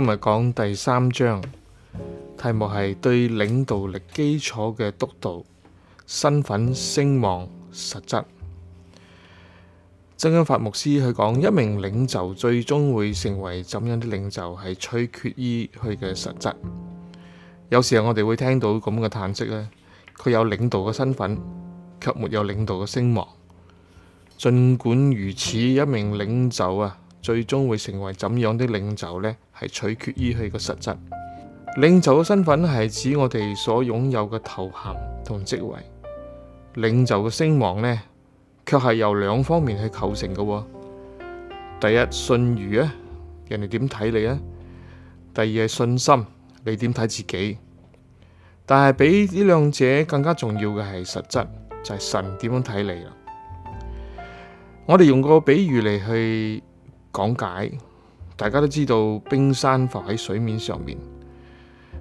今日講第三章，題目係對領導力基礎嘅督導，身份、聲望、實質。曾經法牧師去講，一名領袖最終會成為怎樣啲領袖，係取決於佢嘅實質。有時我哋會聽到咁嘅嘆息呢，佢有領導嘅身份，卻沒有領導嘅聲望。盡管如此，一名領袖啊。最終會成為怎樣的領袖呢？係取決於佢個實質。領袖嘅身份係指我哋所擁有嘅頭銜同職位。領袖嘅聲望呢，卻係由兩方面去構成嘅哦。第一，信譽啊，人哋點睇你啊？第二係信心，你點睇自己？但係比呢兩者更加重要嘅係實質，就係神點樣睇你啦。我哋用個比喻嚟，去講解，大家都知道，冰山浮喺水面上面，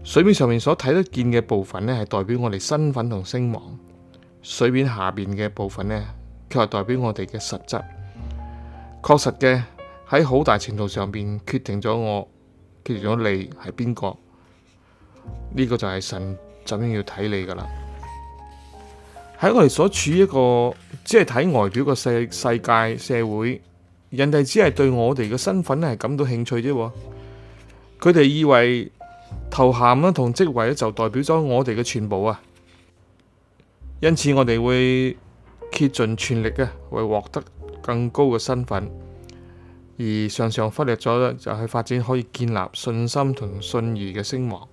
水面上面所睇得見嘅部分呢，係代表我哋身份同聲望；水面下面嘅部分呢，卻係代表我哋嘅實質。確實嘅喺好大程度上邊決定咗我，決定咗你係邊個。呢個就係神怎樣要睇你噶啦。喺我哋所處一個即係睇外表嘅世世界社會。人哋只係對我哋嘅身份咧係感到興趣啫，佢哋以為頭銜啦同職位就代表咗我哋嘅全部啊，因此我哋會竭盡全力啊，為獲得更高嘅身份，而常常忽略咗就係、是、發展可以建立信心同信義嘅聲望。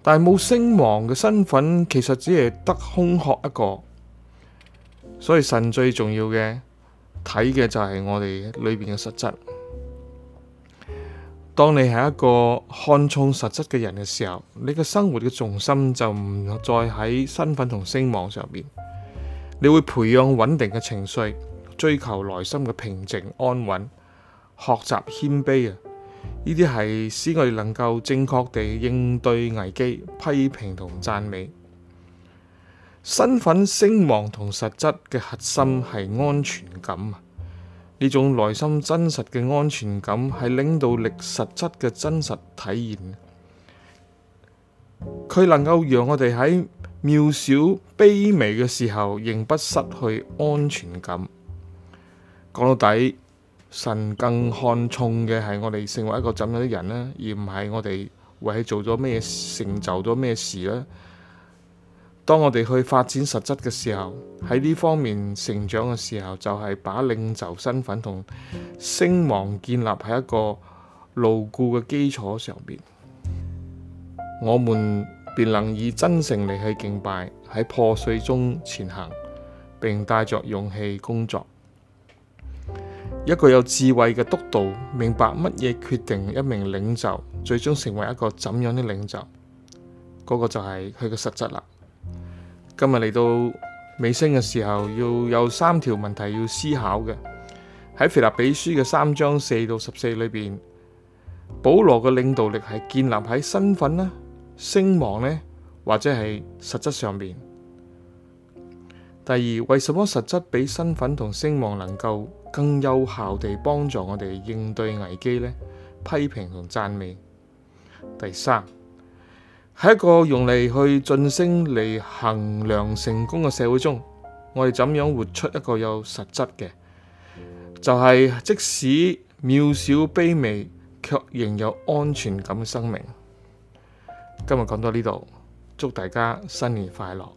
但係冇聲望嘅身份，其實只係得空殼一個。所以神最重要嘅。睇嘅就係我哋裏邊嘅實質。當你係一個看重實質嘅人嘅時候，你嘅生活嘅重心就唔再喺身份同聲望上面。你會培養穩定嘅情緒，追求內心嘅平靜安穩，學習謙卑啊！呢啲係使我哋能夠正確地應對危機、批評同讚美。身份聲望同實質嘅核心係安全感啊！呢種內心真實嘅安全感係領導力實質嘅真實體現。佢能夠讓我哋喺渺小卑微嘅時候，仍不失去安全感。講到底，神更看重嘅係我哋成為一個怎樣的人啦，而唔係我哋為佢做咗咩成就，咗咩事啦。當我哋去發展實質嘅時候，喺呢方面成長嘅時候，就係把領袖身份同聲望建立喺一個牢固嘅基礎上邊，我們便能以真誠嚟去敬拜，喺破碎中前行，並帶着勇氣工作。一個有智慧嘅督導明白乜嘢決定一名領袖最終成為一個怎樣嘅領袖，嗰個就係佢嘅實質啦。今日嚟到尾聲嘅時候，要有三條問題要思考嘅。喺腓立比書嘅三章四到十四裏面，保羅嘅領導力係建立喺身份啦、聲望呢，或者係實質上面。第二，為什麼實質比身份同聲望能夠更有效地幫助我哋應對危機呢？批評同讚美。第三。喺一個用嚟，去晉升嚟衡量成功嘅社會中，我哋怎樣活出一個有實質嘅，就係、是、即使渺小卑微，卻仍有安全感嘅生命。今日講到呢度，祝大家新年快樂！